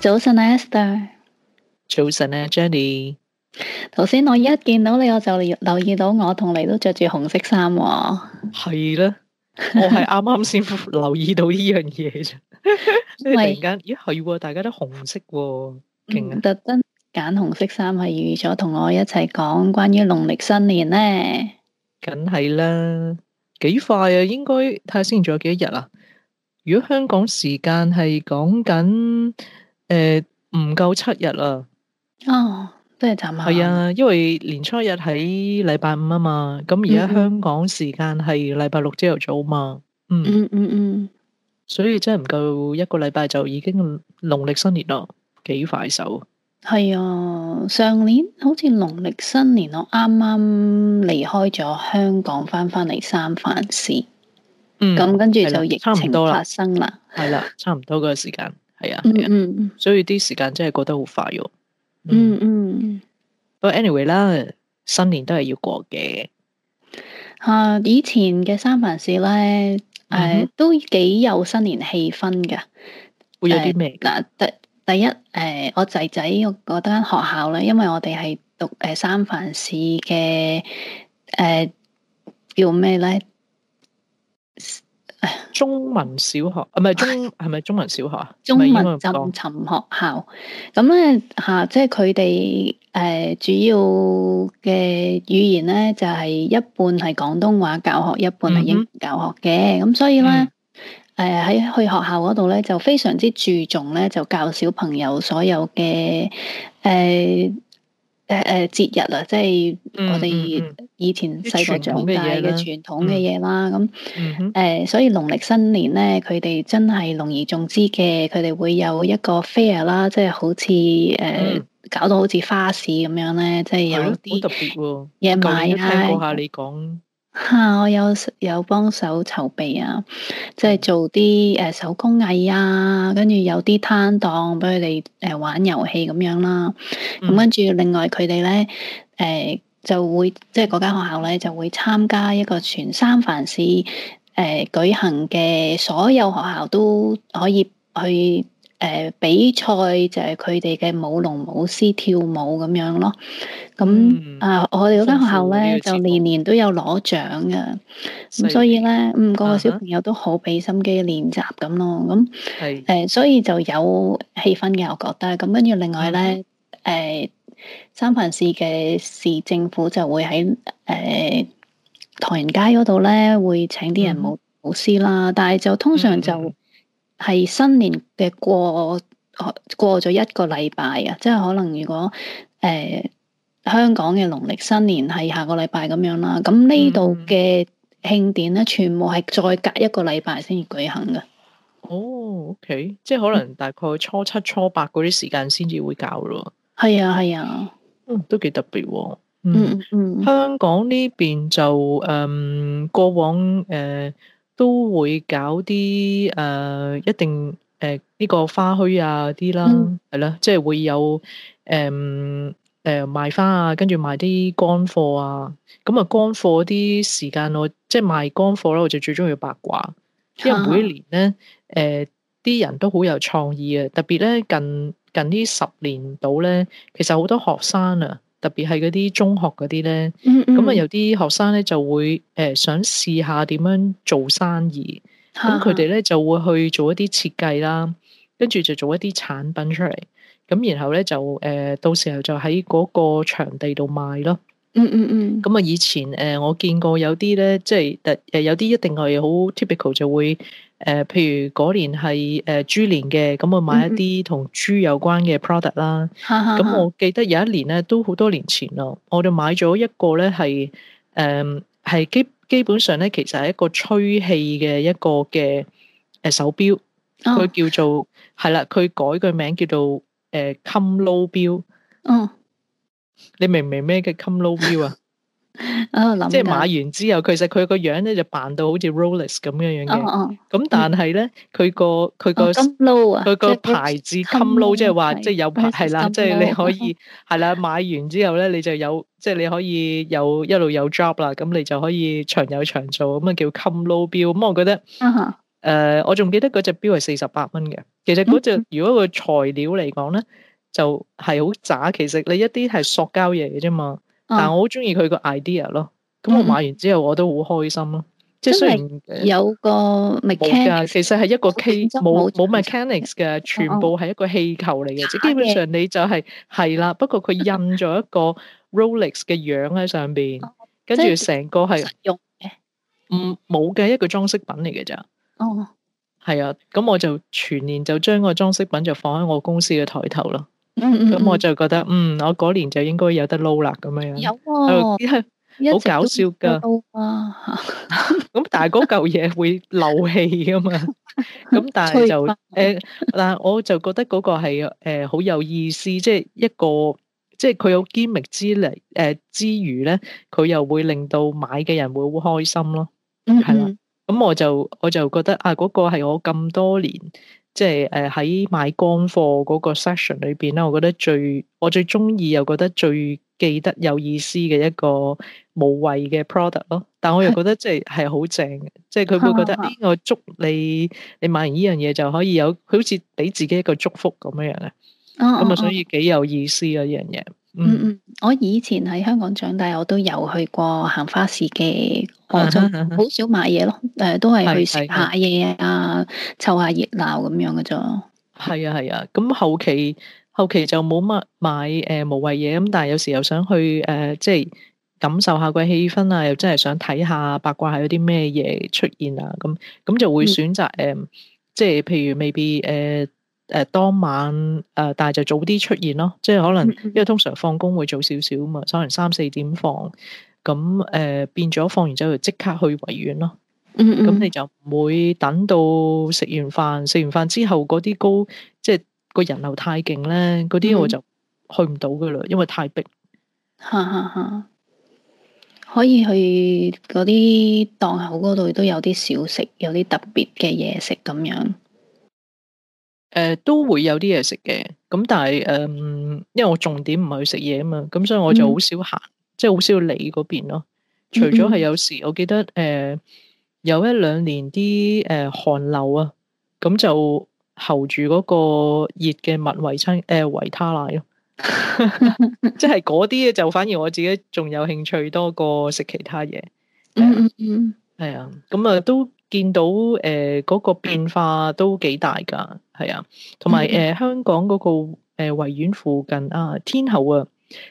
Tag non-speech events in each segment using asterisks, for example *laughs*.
早晨，Esther。早晨、啊、Jenny。頭先我一見到你，我就留意到我同你都着住紅色衫。哦。係啦，我係啱啱先留意到呢樣嘢啫。 *laughs* 突然間，咦，係，大家都紅色。哦，勁特登揀紅色衫，係預咗同我一齊講關於農曆新年咧。梗係啦，幾快啊！應該睇下先，仲有幾多日啊？如果香港時間係講緊。誒，唔夠、呃、七日啦。哦，都係暫係。係啊，因為年初一喺禮拜五啊嘛，咁而家香港時間係禮拜六朝頭早嘛。嗯嗯嗯嗯。嗯嗯，所以真係唔夠一個禮拜就已經農曆新年啦，幾快手。係啊，上年好似農曆新年我啱啱離開咗香港，翻返嚟三藩市。咁、嗯、跟住就疫情多發生啦。係啦，差唔多嗰個時間。係啊，啊，所以啲時間真係過得好快喲、哦。嗯嗯，不過 anyway 啦，新年都係要過嘅。吓、啊，以前嘅三藩市咧，誒、呃，都幾有新年氣氛嘅。會有啲咩？嗱、呃，第第一，誒、呃，我仔仔個間學校咧，因為我哋係讀誒三藩市嘅，誒、呃、叫咩咧？中文小學，唔係中係咪、啊、中文小學啊？中文浸沉學校，咁咧吓，即係佢哋誒主要嘅語言咧，就係、是、一半係廣東話教學，一半係英文教學嘅。咁、嗯、所以咧，誒喺、嗯呃、去學校嗰度咧，就非常之注重咧，就教小朋友所有嘅誒。呃誒誒，節、呃、日啊，即係我哋以前細個長大嘅傳統嘅嘢啦。咁誒、嗯嗯嗯呃，所以農曆新年咧，佢哋真係隆而重之嘅，佢哋會有一個 fair 啦，即係好似誒搞到好似花市咁樣咧，即係有啲特別喎。今日聽過下你講。啊、我有有幫手籌備啊，即係做啲、呃、手工藝啊，跟住有啲攤檔俾佢哋玩遊戲咁樣啦。咁、嗯、跟住另外佢哋呢誒、呃、就會即係嗰間學校呢，就會參加一個全三藩市誒、呃、舉行嘅，所有學校都可以去。誒、呃，比賽就係佢哋嘅舞龍舞獅跳舞咁樣咯。咁、嗯、啊、嗯呃，我哋嗰間學校咧就年年都有攞獎嘅。咁所以咧，嗯，個害、嗯、個小朋友都好俾心機練習咁咯。咁、嗯，誒、嗯呃，所以就有氣氛嘅。我覺得。咁跟住，另外咧，誒、嗯呃，三藩市嘅市政府就會喺誒唐人街嗰度咧，會請啲人舞舞獅啦。嗯、但係就通常就、嗯。嗯係新年嘅，過過咗一個禮拜啊，即係可能如果誒、呃、香港嘅農曆新年係下個禮拜咁樣啦，咁呢度嘅慶典咧，全部係再隔一個禮拜先至舉行嘅、嗯。哦，OK，即係可能大概初七、嗯、初八嗰啲時間先至會搞咯。係啊，係啊，嗯、都幾特別。嗯嗯，嗯香港呢邊就誒、嗯、過往誒。呃都會搞啲誒、呃，一定誒呢、呃這個花墟啊啲啦，係啦、嗯，即係會有誒誒、呃呃、賣花啊，跟住賣啲乾貨啊。咁啊，乾貨啲時間我即係賣乾貨啦，我就最中意八卦，因為每年咧誒啲人都好有創意啊，特別咧近近呢十年度咧，其實好多學生啊。特別係嗰啲中學嗰啲咧，咁啊、嗯嗯、有啲學生咧就會誒、呃、想試下點樣做生意，咁佢哋咧就會去做一啲設計啦，跟住就做一啲產品出嚟，咁然後咧就誒、呃、到時候就喺嗰個場地度賣咯。嗯嗯嗯。咁啊以前誒、呃、我見過有啲咧即係特誒有啲一定係好 typical 就會。誒、呃、譬如嗰年係誒豬年嘅，咁我買一啲同豬有關嘅 product 啦。咁、嗯嗯、我記得有一年咧，都好多年前咯，我哋買咗一個咧係誒係基基本上咧，其實係一個吹氣嘅一個嘅誒、呃、手表，佢叫做係啦，佢、oh. 改個名叫做誒、呃、come low 表，嗯，oh. 你明唔明咩叫 come low 表啊？ *laughs* 即係買完之後，其實佢個樣咧就扮到好似 Rolls 咁樣樣嘅。哦咁但係咧，佢個佢個佢個牌子 Comlow 即係話即係有牌係啦，即係你可以係啦。買完之後咧，你就有即係你可以有一路有 job 啦。咁你就可以長有長做咁啊，叫 Comlow e 表。咁我覺得，誒，我仲記得嗰隻表係四十八蚊嘅。其實嗰隻如果個材料嚟講咧，就係好渣。其實你一啲係塑膠嘢嘅啫嘛。但係我好中意佢個 idea 咯，咁我買完之後我都好開心咯，嗯、即係雖然有個冇噶，其實係一個 k 冇冇 mechanics 嘅，me 哦哦全部係一個氣球嚟嘅，即基本上你就係、是、係啦，不過佢印咗一個 Rolex 嘅樣喺上邊， *laughs* 跟住成個係用嘅，嗯冇嘅一個裝飾品嚟嘅咋，哦，係啊，咁我就全年就將個裝飾品就放喺我公司嘅台頭咯。嗯，嗯，嗯，咁我就覺得，嗯，我嗰年就應該有得撈啦，咁樣樣。有啊、哦， *laughs* 好搞笑噶。有啊，咁但係嗰嚿嘢會漏氣啊嘛，咁 *laughs* 但係就誒、 *laughs* 呃，但係我就覺得嗰個係誒、呃、好有意思，即、就、係、是、一個即係佢有堅力之力誒、呃、之餘咧，佢又會令到買嘅人會好開心咯，係、嗯嗯、啦。咁我就我就覺得啊，嗰個係我咁多年即係誒喺買乾貨嗰個 section 裏邊咧，我覺得最我最中意，又覺得最記得有意思嘅一個無謂嘅 product 咯。但我又覺得即係係好正，即係佢會覺得誒，我祝你你買完呢樣嘢就可以有佢，好似俾自己一個祝福咁樣樣咧。咁啊所以幾有意思啊呢樣嘢。嗯嗯，我以前喺香港長大，我都有去過行花市嘅，我就好少買嘢咯。誒、呃，都係去食下嘢啊，湊下熱鬧咁樣嘅啫。係啊係啊，咁後期後期就冇乜買誒、呃、無謂嘢咁，但係有時又想去誒、呃，即係感受下個氣氛啊，又真係想睇下八卦係有啲咩嘢出現啊，咁咁就會選擇誒，即係譬如 maybe 誒。呃誒、呃，當晚誒、呃，但係就早啲出現咯，即係可能嗯嗯因為通常放工會早少少嘛，可能三四點放，咁誒、呃、變咗放完之後就即刻去維園咯，咁、嗯嗯、你就唔會等到食完飯，食完飯之後嗰啲高，即係個人流太勁咧，嗰啲我就去唔到噶啦，嗯、因為太逼。哈哈哈！可以去嗰啲檔口嗰度都有啲小食，有啲特別嘅嘢食咁樣。誒，都會有啲嘢食嘅，咁但係誒，因為我重點唔係去食嘢啊嘛，咁所以我就好少行，即係好少嚟嗰邊咯。除咗係有時，我記得誒有一兩年啲誒寒流啊，咁就喉住嗰個熱嘅物為餐，誒維他奶咯，即係嗰啲嘢就反而我自己仲有興趣多過食其他嘢。嗯係啊，咁啊都見到誒嗰個變化都幾大噶。係啊，同埋誒，香港嗰，那個誒，維、呃、園附近啊，天后啊，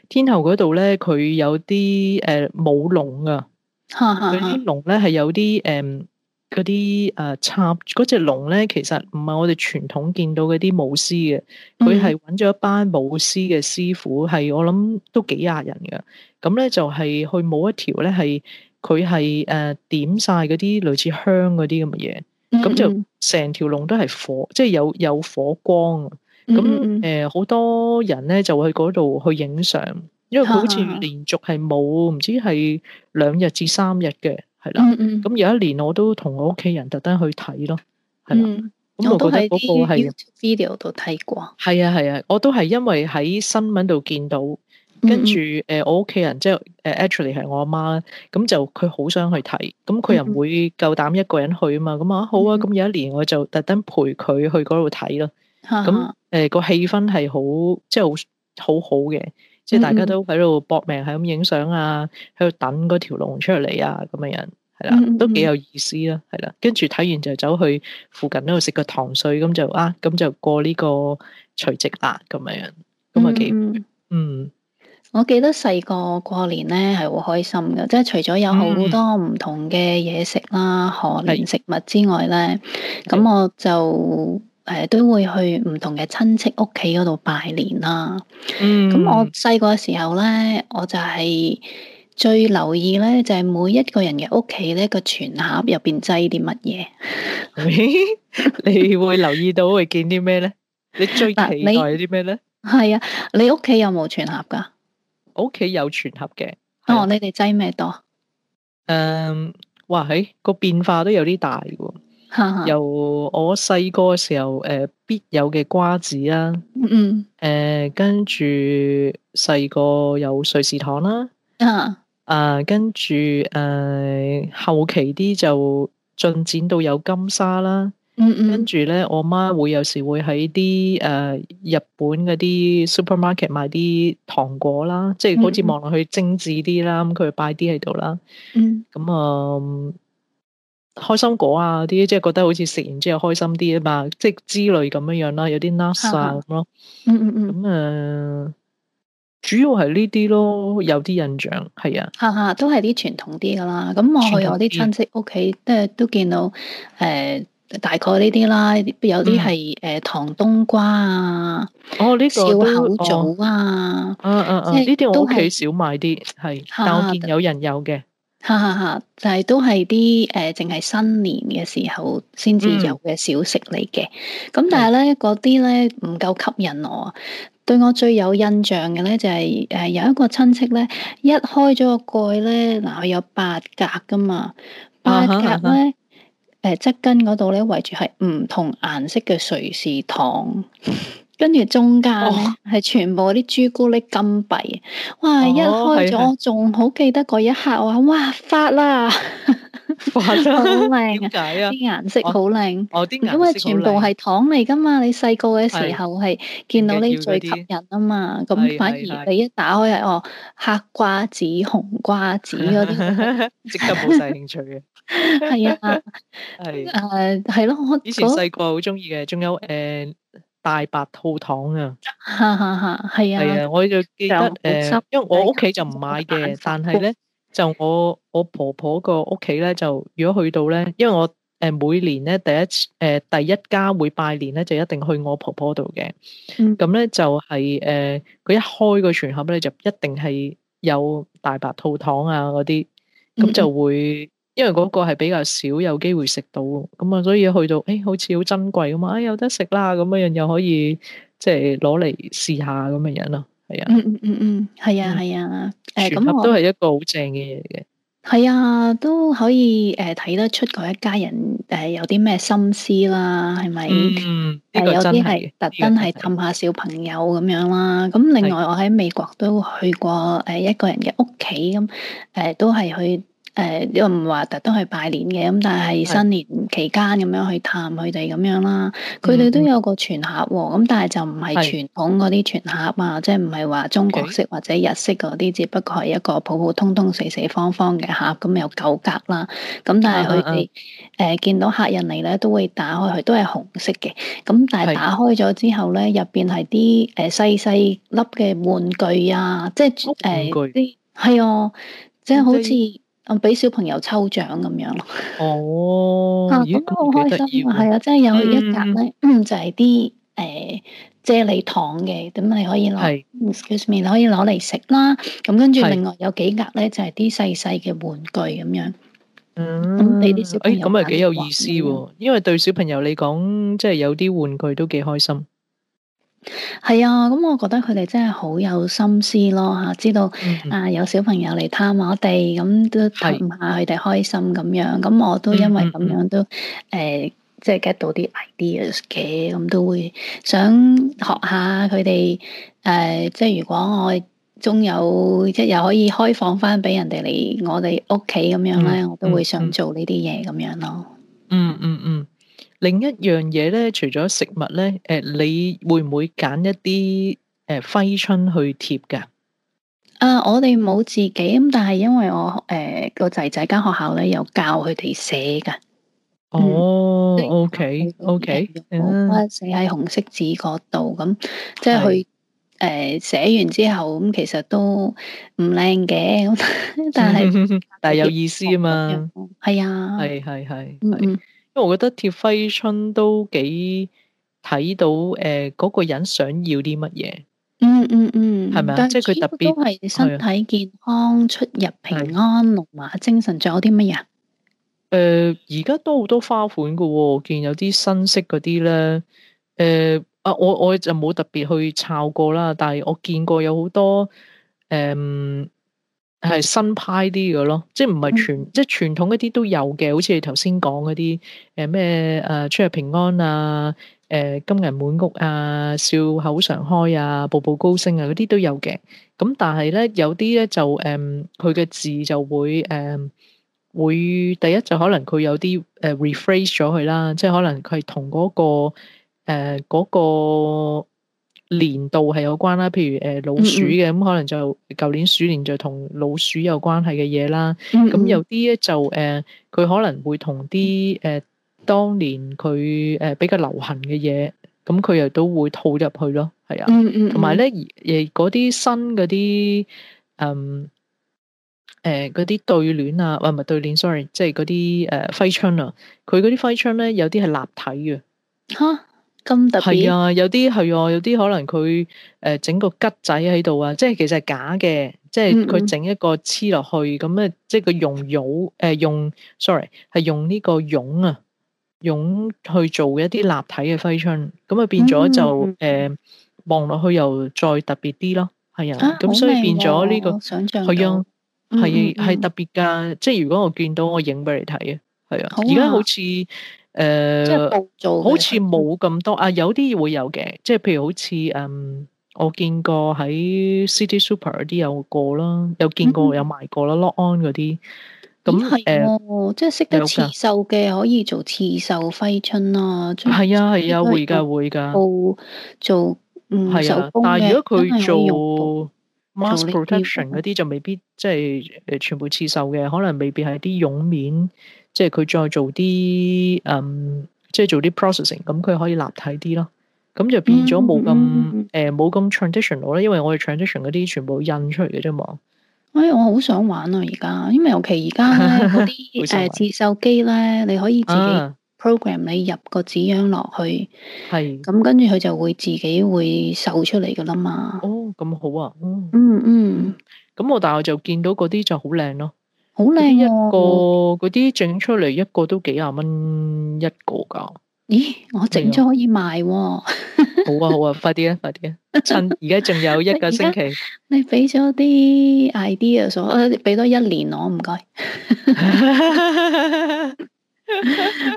天后嗰度咧，佢有啲誒舞龍啊，佢啲龍咧係有啲誒，嗰啲誒插嗰隻龍咧，其實唔係我哋傳統見到嗰啲舞獅嘅，佢係揾咗一班舞獅嘅師傅，係我諗都幾廿人嘅，咁咧就係、是、去舞一條咧，係佢係誒點晒嗰啲類似香嗰啲咁嘅嘢。咁、嗯嗯、就成條龍都係火，即、就、係、是、有有火光啊！咁誒，好、嗯嗯呃、多人咧就會去嗰度去影相，因為佢好似連續係冇，唔、啊、知係兩日至三日嘅，係啦。咁、嗯嗯、有一年我都同我屋企人特登去睇咯，係啦。咁我、嗯、覺得嗰個我都 YouTube video 都睇過。係啊，係啊，我都係因為喺新聞度見到。嗯嗯，跟住，誒、呃、我屋企人即係誒 actually 係我阿媽啦，咁就佢好想去睇，咁佢又唔會夠膽一個人去啊嘛，咁啊、嗯嗯、好啊，咁有一年我就特登陪佢去嗰度睇咯，咁誒哈、嗯、那個氣氛係好即係好好好嘅，即係大家都喺度搏命喺咁影相啊，喺度等嗰條龍出嚟啊咁嘅樣，係啦，都幾有意思啦，係、嗯嗯嗯、啦，跟住睇完就走去附近嗰度食個糖水，咁就啊咁就過呢個除夕啦，咁樣樣，咁啊幾嗯。我記得細個過年咧係會開心噶，即係除咗有好多唔同嘅嘢食啦、賀、嗯、年食物之外咧，咁是我就誒、呃、都會去唔同嘅親戚屋企嗰度拜年啦。咁、嗯、我細個嘅時候咧，我就係最留意咧，就係、是、每一個人嘅屋企咧個全盒入邊擠啲乜嘢。你 *laughs* *laughs* 你會留意到會見啲咩咧？你最期待啲咩咧？係啊，你屋企有冇全盒噶？屋企有全盒嘅，哦，啊、你哋擠咩多？嗯、呃，哇，喺、哎、個變化都有啲大嘅、啊， *laughs* 由我細個嘅時候，誒、呃，必有嘅瓜子啦、啊，嗯，誒，跟住細個有瑞士糖啦，啊，跟住誒，後期啲就進展到有金沙啦、啊。嗯，嗯，跟住咧，我媽會有時會喺啲誒日本嗰啲 supermarket 買啲糖果啦，即係好似望落去精致啲啦，咁佢擺啲喺度啦嗯嗯。嗯，咁啊開心果啊啲，即係覺得好似食完之後開心啲啊嘛，即係之類咁樣樣啦，有啲 nuts 咁咯。嗯嗯嗯。咁誒、呃，主要係呢啲咯，有啲印象係啊，吓吓都係啲傳統啲噶啦。咁我去我啲親戚屋企，即係都見到誒。大概呢啲啦，有啲係誒糖冬瓜、哦這個、口啊，哦呢個笑口棗啊，嗯嗯嗯，呢啲我屋企少買啲，係，但我見有人有嘅，哈哈哈，就係、是、都係啲誒，淨、呃、係新年嘅時候先至有嘅小食嚟嘅。咁、嗯、但係咧，嗰啲咧唔夠吸引我，嗯、對我最有印象嘅咧就係、是、誒有一個親戚咧，一開咗個蓋咧，嗱有八格噶嘛，八格咧。啊啊誒，側跟嗰度咧圍住係唔同顏色嘅瑞士糖， *laughs* 跟住中間咧係全部嗰啲朱古力金幣，哇！哦、一開咗，我仲是好記得嗰一刻，我話哇發啦～ *laughs* 化妝好靚，點解呀？啲顏色好靚，因為全部係糖嚟噶嘛。你細個嘅時候係見到呢最吸引啊嘛。咁反而你一打開係哦黑瓜子、紅瓜子嗰啲，即刻冇晒興趣嘅。係啊，係誒係咯。以前細個好中意嘅，仲有誒大白兔糖啊。哈哈哈，係啊，係啊，我就記得誒，因為我屋企就唔買嘅，但係咧。就我我婆婆個屋企咧，就如果去到咧，因為我誒每年咧第一次誒、呃、第一家會拜年咧，就一定去我婆婆度嘅。咁咧、嗯、就係誒佢一開個全盒咧，就一定係有大白兔糖啊嗰啲，咁就會、嗯、因為嗰個係比較少有機會食到，咁啊所以去到誒、哎、好似好珍貴啊嘛，啊、哎、有得食啦咁樣樣又可以即係攞嚟試下咁嘅樣咯。係啊，嗯嗯嗯嗯，係啊係啊，誒、嗯，咁、啊、都係一個好正嘅嘢嘅。係啊，都可以誒睇、呃、得出佢一家人誒、呃、有啲咩心思啦，係咪、嗯？嗯，係、這個呃、有啲係特登係氹下小朋友咁樣啦。咁另外我喺美國都去過誒、呃、一個人嘅屋企咁，誒、呃、都係去。誒、呃，又唔話特登去拜年嘅，咁但係新年期間咁樣去探佢哋咁樣啦。佢哋都有個全盒喎，咁但係就唔係傳統嗰啲全盒啊，盒啊是的 即係唔係話中國式或者日式嗰啲，Okay. 只不過係一個普普通通四四方方嘅盒，咁有九格啦。咁但係佢哋誒見到客人嚟咧，都會打開佢，都係紅色嘅。咁但係打開咗之後咧，入邊係啲誒細細粒嘅玩具啊，即係誒，係、呃、啊，即係具好似。我俾小朋友抽獎咁樣咯。哦，咁好、啊、開心。係啊，即係、嗯、有一格咧，就係啲誒啫喱糖嘅，咁你可以攞 excuse me 可以攞嚟食啦。咁跟住另外有幾格咧，就係啲細細嘅玩具咁樣是嗯。嗯，你啲小朋友誒，咁啊幾有意思，嗯、因為對小朋友嚟講，即、就、係、是、有啲玩具都幾開心。係 *noise* 啊，咁我覺得佢哋真係好有心思咯吓，知道嗯嗯啊有小朋友嚟探我哋，咁都凼下佢哋開心咁樣。咁是我都因為咁樣都誒，即係 get 到啲 ideas 嘅，咁都會想學下佢哋誒，即、呃、係如果我終有一日可以開放翻俾人哋嚟我哋屋企咁樣咧，我都會想做呢啲嘢咁樣咯。嗯嗯嗯。另一樣嘢咧，除咗食物咧，誒，你會唔會揀一啲誒揮春去貼噶？啊，我哋冇自己，咁但係因為我誒個仔仔間學校咧有教佢哋寫噶。哦，OK，OK，嗯，寫喺紅色紙嗰度，咁即係佢誒寫完之後，咁其實都唔靚嘅，但係但係有意思啊嘛，係啊，係係係。因為我覺得貼揮春都幾睇到誒，嗰、呃嗰個人想要啲乜嘢？嗯嗯嗯，係咪啊？是即係佢特別都係身體健康，的出入平安、龍馬精神，仲、呃、有啲乜嘢啊？誒，而家都好多花款㗎。哦，我見有啲新式嗰啲咧，誒、呃、啊，我我就冇特別去抄過啦，但係我見過有好多誒。呃係新派啲嘅咯，即係唔係傳即係傳統一啲都有嘅，好似你頭先講嗰啲誒咩誒出入平安啊，誒金銀滿屋啊，笑口常開啊，步步高升啊嗰啲都有嘅。咁但係咧有啲咧就誒，佢嘅字就會誒會第一就可能佢有啲誒 rephrase 咗佢啦，即係可能佢係同嗰個誒嗰個。年度係有關啦，譬如誒老鼠嘅，咁、嗯嗯、可能就舊年鼠年就同老鼠有關係嘅嘢啦。咁、嗯嗯嗯、有啲咧就誒，佢、呃、可能會同啲誒當年佢誒、呃、比較流行嘅嘢，咁佢又都會套入去咯。係啊，同埋咧，而嗰啲新嗰啲，嗯，誒啲、嗯呃、對聯啊，或唔係對聯，sorry，即係嗰啲誒揮春啊，佢嗰啲揮春咧有啲係立體嘅。吓！係啊，有啲係啊，有啲可能佢誒整個吉仔喺度啊，即係其實係假嘅、嗯，即係佢整一個黐落去，咁啊，即係佢用絨誒用，sorry，係用呢個絨啊，絨去做一啲立體嘅揮春。咁啊變咗就誒望落去又再特別啲咯，係啊，咁、啊、所以變咗呢、這個佢啊，係係、啊嗯嗯、特別噶，即係如果我見到我影俾你睇啊，係啊，而家好似、啊。誒，即係做，好似冇咁多啊！有啲會有嘅，即係譬如好似嗯，我見過喺 City Super 嗰啲有過啦，有見過有賣過啦 Lock on 嗰啲。咁係，即係識得刺繡嘅可以做刺繡揮春啦。係啊係啊，會噶會噶。做手啊，但係如果佢做 mask protection 嗰啲，就未必即係誒，全部刺繡嘅，可能未必係啲絨面。即係佢再做啲，嗯，即係做啲 processing，咁佢可以立體啲咯，咁就變咗冇咁，誒、嗯，冇咁 traditional 咯，呃、trad itional, 因為我哋 traditional 嗰啲全部印出嚟嘅啫嘛。哎、欸，我好想玩啊，而家，因為尤其而家咧啲誒折壽機咧，你可以自己 program 你入個紙樣落去，係、啊，咁跟住佢就會自己會繡出嚟噶啦嘛。哦，咁好啊，嗯嗯，咁、嗯、我大學就見到嗰啲就好靚咯。好靚，一個嗰啲整出嚟一個都幾十蚊一個噶。咦，我整咗可以賣、啊？ *laughs* 好啊好啊，快啲啊快啲啊！趁而家仲有一個星期，你俾咗啲 idea 所、啊、俾多一年我唔該。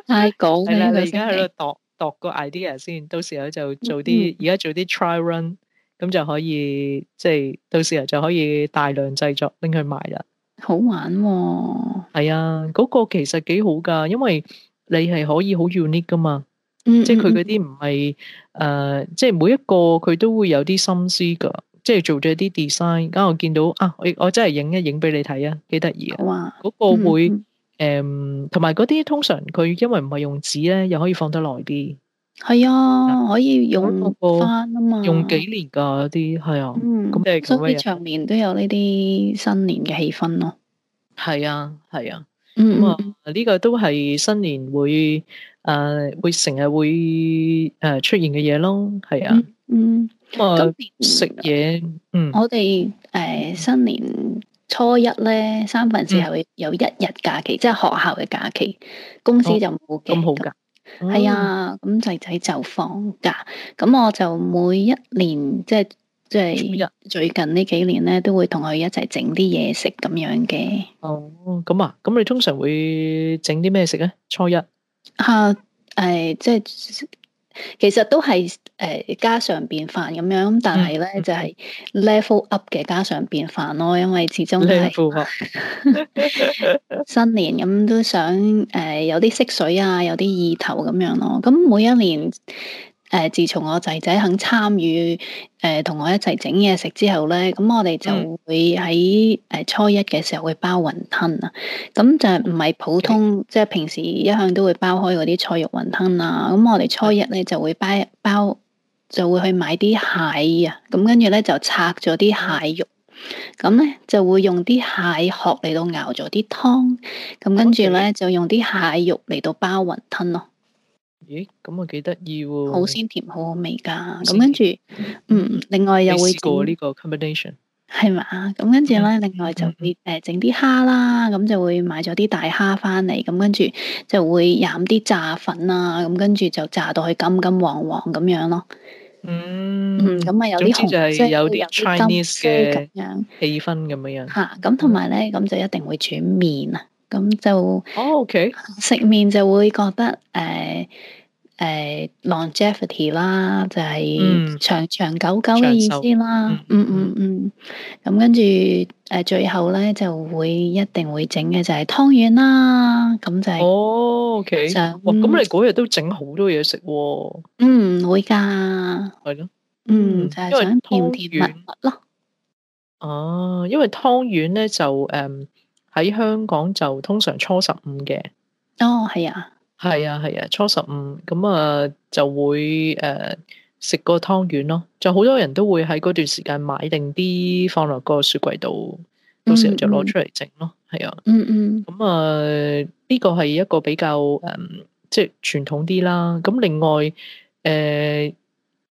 太講係你而家喺度度度個 idea 先，到時候就做啲而家做啲 try run，咁就可以即係、就是、到時候就可以大量製作拎去賣啦。好玩喎、哦，係啊，嗰、嗰個其實幾好噶，因為你係可以好 unique 噶嘛，嗯、即係佢嗰啲唔係誒，即係每一個佢都會有啲心思噶，即係做咗啲 design。而家我見到啊，我我真係影一影俾你睇啊，幾得意啊，嗰個會誒，同埋嗰啲通常佢因為唔係用紙咧，又可以放得耐啲。係啊，可以用翻啊嘛，用幾年噶啲係啊，咁所以常年都有呢啲新年嘅氣氛咯。係啊，係啊，咁啊呢個都係新年會誒會成日會誒出現嘅嘢咯。係啊，嗯，咁食嘢，嗯，呃、嗯我哋誒、呃、新年初一咧，三分時係有一日假期，嗯、即係學校嘅假期，公司就冇咁、哦、好噶。係啊，咁仔仔就放假，咁我就每一年即係即係最近呢幾年咧，都會同佢一齊整啲嘢食咁樣嘅。哦，咁啊，咁你通常會整啲咩食咧？初一吓，誒、啊，即、哎、係。就是其實都係誒、呃、家常便飯咁樣，但係咧 *laughs* 就係 level up 嘅家常便飯咯，因為始終都、就、係、是、 *laughs* *laughs* 新年咁都想誒、呃、有啲色水啊，有啲意頭咁樣咯。咁每一年。自從我仔仔肯參與、呃、同我一齊整嘢食之後呢，咁我哋就會喺初一嘅時候會包雲吞啊。咁就唔係普通，嗯、即係平時一向都會包開嗰啲菜肉雲吞啊。咁我哋初一呢就會包包，就會去買啲蟹啊。咁跟住呢就拆咗啲蟹肉，咁呢就會用啲蟹殼嚟到熬咗啲湯，咁跟住呢就用啲蟹肉嚟到包雲吞咯。咦，咁我幾得意喎！好鮮甜，好好味噶。咁跟住，嗯，另外又會過呢個 combination，係嘛？咁跟住咧，另外就會誒整啲蝦啦。咁就會買咗啲大蝦翻嚟。咁跟住就會染啲炸粉啊。咁跟住就炸到佢金金黃黃咁樣咯。嗯，嗯，咁啊有啲紅，即係有啲 Chinese 嘅氣氛咁樣。吓，咁同埋咧，咁就一定會煮麵啊。咁就，哦，OK，食麵就會覺得誒。誒、uh，longevity 啦、嗯，就係長長久久嘅意思、呃、啦。嗯嗯嗯，咁跟住誒，最後咧就會一定會整嘅就係湯圓啦。咁就哦，OK，哇，咁你嗰日都整好多嘢食喎！嗯，會噶，係咯的，嗯，就係、是、想甜甜蜜蜜咯。哦、啊，因為湯圓咧就誒喺、um, 香港就通常初十五嘅。哦，係啊。係啊，係啊，初十五咁啊就會誒食、呃、個湯圓咯，就好多人都會喺嗰段時間買定啲放落個雪櫃度，到時候就攞出嚟整咯。係啊，嗯嗯，咁啊呢、這個係一個比較誒、呃、即係傳統啲啦。咁另外誒、呃、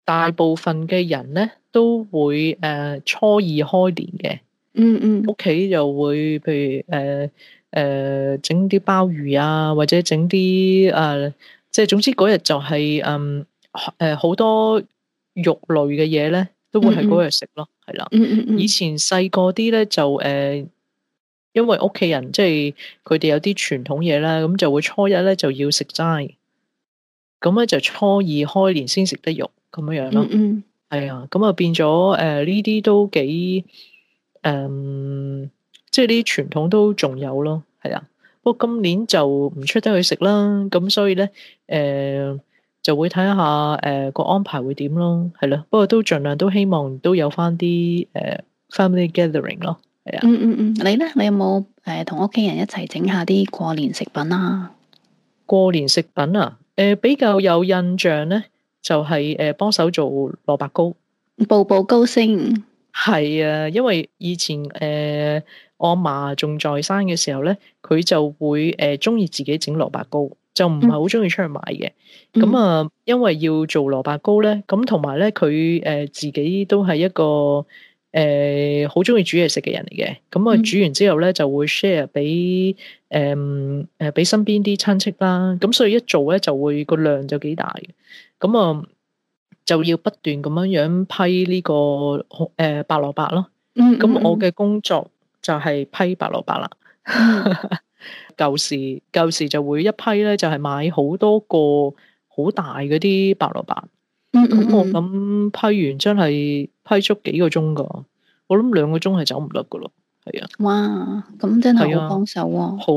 大部分嘅人咧都會誒、呃、初二開年嘅，嗯嗯，屋企就會譬如誒。呃誒，整啲鮑魚啊，或者整啲誒，即係總之嗰日就係、是、誒，誒、嗯、好、呃、多肉類嘅嘢咧，都會喺嗰日食咯，係啦、嗯嗯。以前細個啲咧就誒、呃，因為屋企人即係佢哋有啲傳統嘢啦，咁就會初一咧就要食齋，咁咧就初二開年先食得肉咁樣樣咯。係啊、嗯嗯，咁、嗯、啊、嗯嗯嗯、變咗誒呢啲都幾誒。呃嗯.即係啲傳統都仲有咯，係啊，不過今年就唔出得去食啦，咁所以咧，誒、呃，就會睇下誒、呃、個安排會點咯，係咯，不過都盡量都希望都有翻啲誒 family gathering 咯，係啊。嗯嗯嗯，你咧，你有冇誒同屋企人一齊整下啲過年食品啊？過年食品啊，誒、呃、比較有印象咧，就係誒幫手做蘿蔔糕，步步高升。係啊，因為以前誒、呃、我阿嫲仲在生嘅時候咧，佢就會誒中意自己整蘿蔔糕，就唔係好中意出去買嘅。咁啊、嗯，嗯嗯、因為要做蘿蔔糕咧，咁同埋咧佢誒自己都係一個誒好中意煮嘢食嘅人嚟嘅。咁、嗯、啊、嗯、煮完之後咧就會 share 俾誒誒俾身邊啲親戚啦。咁、嗯、所以一做咧就會個量就幾大嘅。咁、嗯、啊。嗯就要不斷咁樣樣批呢、這個誒、呃、白蘿蔔咯，咁、嗯嗯、我嘅工作就係批白蘿蔔啦。舊時舊時就會一批咧，就係買好多個好大嗰啲白蘿蔔。咁、嗯嗯嗯、我諗批完真係批足幾個鐘噶，我諗兩個鐘係走唔甩噶咯。係啊，哇，咁真係要幫手啊！好，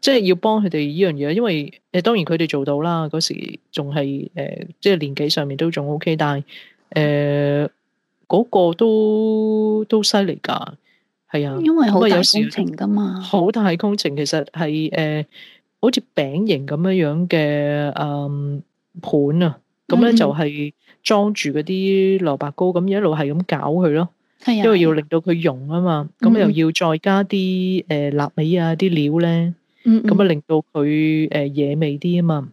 即係要幫佢哋依樣嘢，因為誒，當然佢哋做到啦。嗰時仲係誒，即係年紀上面都仲 OK，但係誒，嗰、呃嗰個都都犀利噶，係啊，因為好有工程噶嘛，好大工程，其實係誒、呃，好似餅形咁樣樣嘅誒盤啊，咁咧就係裝住嗰啲蘿卜糕，咁一路係咁搞佢咯。因為要令到佢溶啊嘛，咁又要再加啲誒臘味啊啲料咧，咁啊令到佢誒惹味啲啊嘛，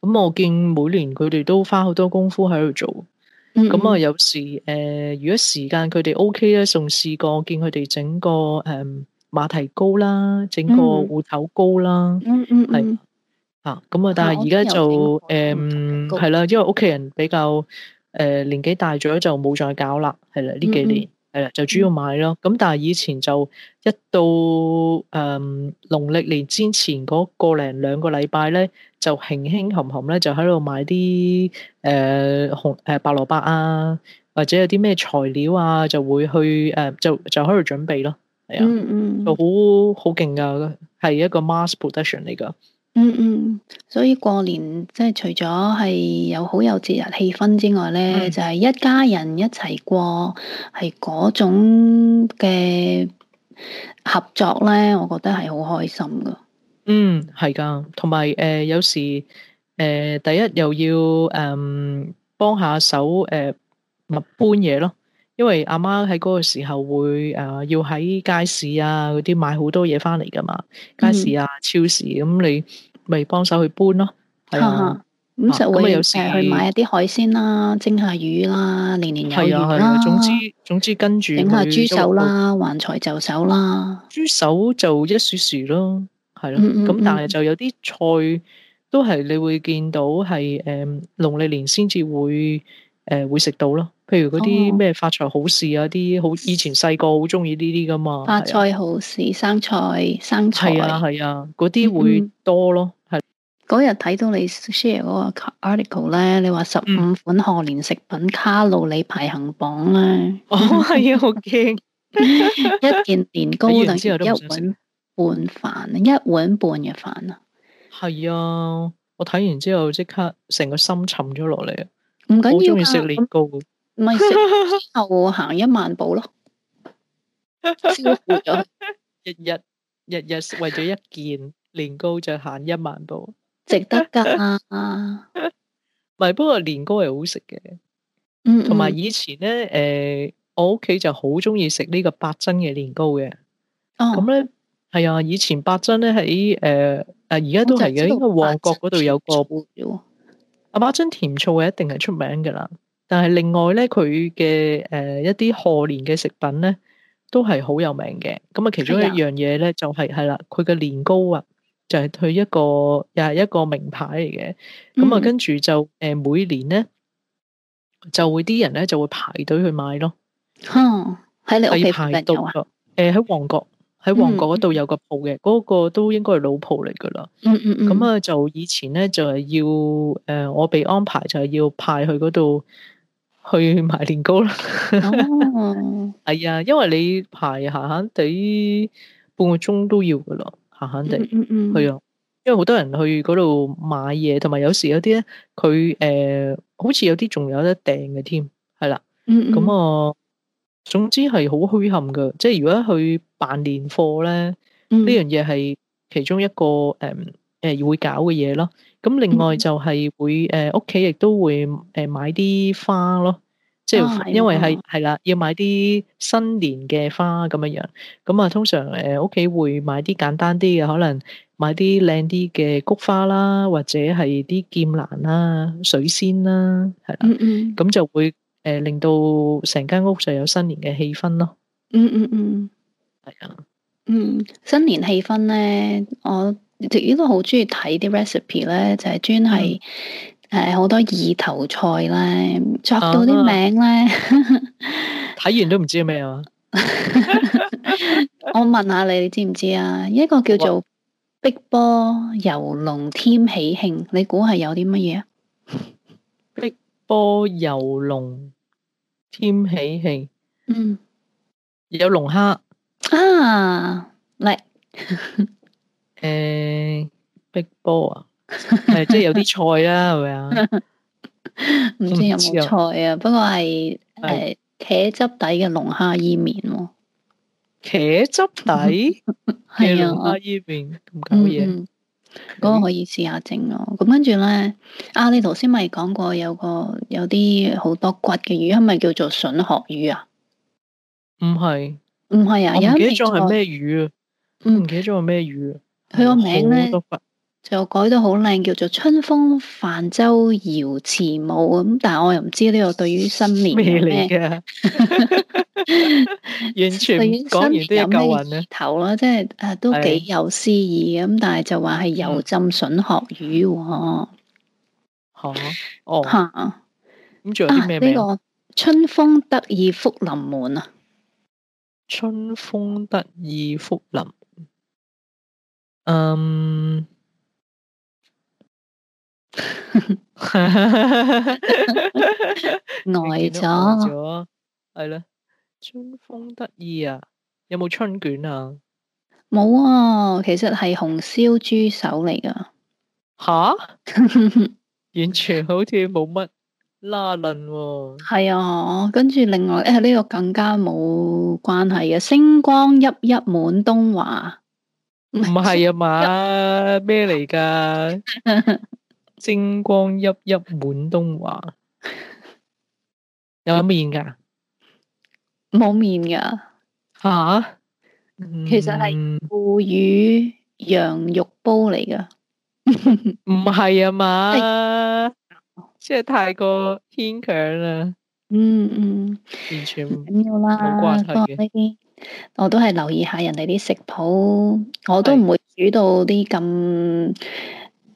咁我見每年佢哋都花好多功夫喺度做，咁啊有時誒如果時間佢哋 OK 咧，仲試過見佢哋整個誒馬蹄糕啦，整個芋頭糕啦，係吓咁啊！但係而家就誒係啦，因為屋企人比較。誒、呃，年紀大咗就冇再搞啦，係啦呢幾年，係啦、嗯嗯、就主要買咯。咁但係以前就一到誒農曆年之前嗰個零兩個禮拜咧，就輕輕冚冚咧就喺度買啲誒、呃、紅誒白蘿蔔啊，或者有啲咩材料啊，就會去誒、呃、就就喺度準備咯，係啊，嗯嗯就好好勁噶，係一個 mass production 嚟噶。嗯嗯，所以過年即係除咗係有好有節日氣氛之外咧，嗯、就係一家人一齊過，係嗰種嘅合作咧，我覺得係好開心噶。嗯，係噶，同埋誒，有時誒、呃，第一又要嗯幫下手誒，咪、呃、搬嘢咯。因為阿媽喺嗰個時候會誒、啊、要喺街市啊嗰啲買好多嘢翻嚟噶嘛，街市啊、嗯、超市咁、嗯、你咪幫手去搬咯，係咁就咁有時去買一啲海鮮啦、蒸下魚啦、年年有餘啦，總之總之跟住、嗯哎、整下豬手啦、橫財就手啦，豬、啊啊嗯嗯、 *noise* 手就一時時咯，係咯咁但係就有啲菜都係你會見到係誒農曆年先至會誒會食到咯。 *noise* 嗯嗯譬如嗰啲咩發財好事啊，啲好以前細個好中意呢啲噶嘛。發菜好事，啊、生菜生菜。係啊係啊，嗰啲、啊、會多咯。係嗰日睇到你 share 嗰個 article 咧，你話十五款賀年食品卡路里排行榜咧，哦、嗯，係啊好驚，一件年糕之後就一碗半飯，嗯、 *laughs* 一碗半嘅飯啊。係、嗯、 *laughs* *laughs* 啊，我睇完之後即刻成個心沉咗落嚟啊！唔緊要好中意食年糕。咪食之後行一萬步咯，辛苦咗，日日日日為咗一件年糕就行一萬步，值得噶啊！唔係，不過年糕係好食嘅，嗯，嗯，同埋以前咧，誒、呃，我屋企就好中意食呢個八珍嘅年糕嘅，哦，咁咧係啊，以前八珍咧喺誒誒，而家都係嘅，應該旺角嗰度有個阿八珍甜醋嘅一定係出名噶啦。但係另外咧，佢嘅、誒一啲賀年嘅食品咧，都係好有名嘅。咁啊，其中一樣嘢咧就係，係啦，佢、嗯、嘅年糕啊，就係、是、佢一個又係一個名牌嚟嘅。咁啊，跟住就誒每年咧，就會啲人咧就會排隊去買咯。吓喺你屋企排到，誒喺旺角喺旺角嗰度有個鋪嘅嗰、那個都應該係老鋪嚟噶啦。嗯嗯，咁啊， *noise* 就以前咧就係、是、要誒、呃、我被安排就係、是、要派去嗰度。去買年糕啦，係啊，因為你排行行地半個鐘都要嘅咯，行行地去、mm hmm. 啊，因為好多人去嗰度買嘢，同埋有時有啲咧，佢誒、呃、好似有啲仲有得訂嘅添，係啦、啊，咁、mm hmm. 啊，總之係好墟冚嘅，即係如果去辦年貨咧，呢、mm hmm. 樣嘢係其中一個誒誒、呃呃、會搞嘅嘢咯。咁另外就係會誒，屋企亦都會誒買啲花咯，即係因為係係啦，要買啲新年嘅花，咁樣樣。咁啊，通常誒屋企會買啲簡單啲嘅，可能買啲靚啲嘅菊花啦，或者係啲劍蘭啦、水仙啦，係啦。嗯嗯。咁就會誒令到成間屋就有新年嘅氣氛咯。嗯嗯嗯。係啊。嗯，新年氣氛咧，我。自己都好中意睇啲 recipe 咧，就係專係誒好多意頭菜咧，作到啲名咧，睇、 *laughs* 啊、完都唔知咩啊！ *laughs* *laughs* 我問下你，你知唔知啊？一個叫做碧波游龍添喜慶，你估係有啲乜嘢啊？碧波游龍添喜慶，嗯，有龍蝦啊，嚟。誒，逼波、eh, 啊，係即係有啲菜啊，係咪啊？唔知有冇菜啊？不過係誒、uh. 啊，茄汁底嘅龍蝦伊麵喎。茄汁底，係啊，龍蝦伊麵咁搞嘢。嗰、嗯嗯那個可以試下整咯。咁跟住咧，啊，你頭先咪講過有個有啲好多骨嘅魚，係咪叫做筍殼魚啊？唔係，唔係啊，唔記得咗係咩魚啊？唔、嗯、記得咗係咩魚佢個名咧就改得好靚，叫做春風泛舟搖慈舞」。咁，但係我又唔知呢個對於新年嚟嘅， *laughs* *laughs* *laughs* 完全講完都夠暈啊頭啦！即係誒，都幾有詩意咁，但係就話係有浸笋學魚。吓哦，咁仲有啲咩名啊？名啊這個、春風得意福臨門啊！春風得意福臨。嗯，哈哈哈！呆咗，哈哈哈哈，係咯，春風得意啊？有冇春卷啊？冇啊，其實係紅燒豬手嚟噶。吓？完全好似冇乜拉楞喎。係 *laughs* 啊，跟住另外呢、哎這個更加冇關係嘅，星光熠熠滿東華。唔係啊嘛，咩嚟噶？星光熠熠滿東華，有麵噶？冇麵噶？吓？其實係腐乳羊肉煲嚟噶。唔係啊嘛，即係太過牽強啦。嗯嗯，完全冇關係嘅。我都係留意下人哋啲食譜，我都唔會煮到啲咁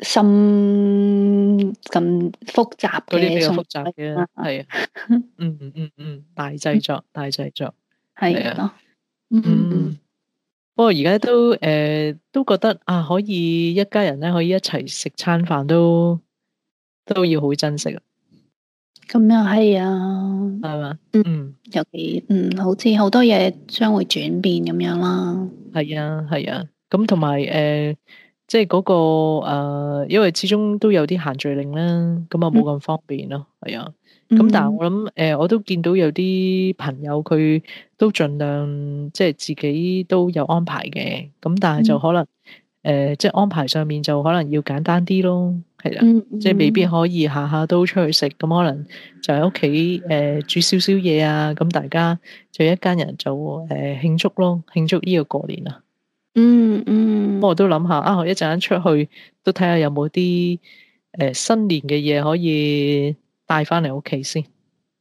深咁複雜嘅。嗰啲比較複雜嘅，係啊， *laughs* 嗯嗯嗯嗯,大製作，大製作，係啊，嗯。不過而家都誒、呃、都覺得啊，可以一家人咧可以一齊食餐飯都都要好珍惜啊。咁又係啊，係嘛嗎、嗯，嗯，尤其嗯，好似好多嘢將會轉變咁樣啦。係啊，係啊，咁同埋誒，即係嗰個誒、呃，因為始終都有啲限聚令啦，咁啊冇咁方便咯。係啊、嗯，咁但係我諗誒、呃，我都見到有啲朋友佢都盡量即係、就是、自己都有安排嘅，咁但係就可能誒，即係、嗯呃就是、安排上面就可能要簡單啲咯。係啦，嗯嗯、即係未必可以下下都出去食，咁可能就喺屋企誒煮少少嘢啊。咁大家就一家人就誒慶、呃、祝咯，慶祝呢個過年啊。嗯嗯，我都諗下啊，我一陣間出去都睇下有冇啲誒新年嘅嘢可以帶翻嚟屋企先。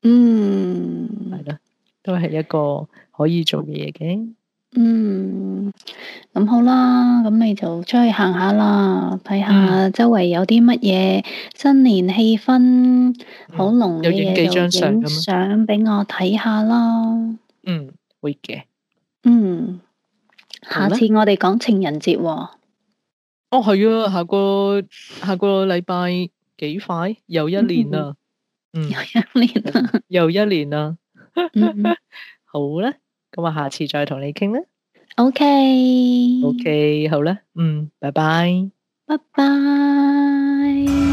嗯，係啦、啊，都係一、呃嗯、一個可以做嘅嘢嘅。嗯，咁好啦，咁你就出去行下啦，睇下周圍有啲乜嘢新年氣氛好濃嘅嘢，有影幾張相，相俾我睇下啦。嗯，會嘅。嗯，下次我哋講情人節、哦嗯。哦，係啊，下個下個禮拜幾快又一年啦。嗯，又一年啦，又一年啦。 *laughs* 又一年 *laughs* 好咧。咁我下次再同你傾啦。OK？OK，好啦。嗯，拜拜。拜拜。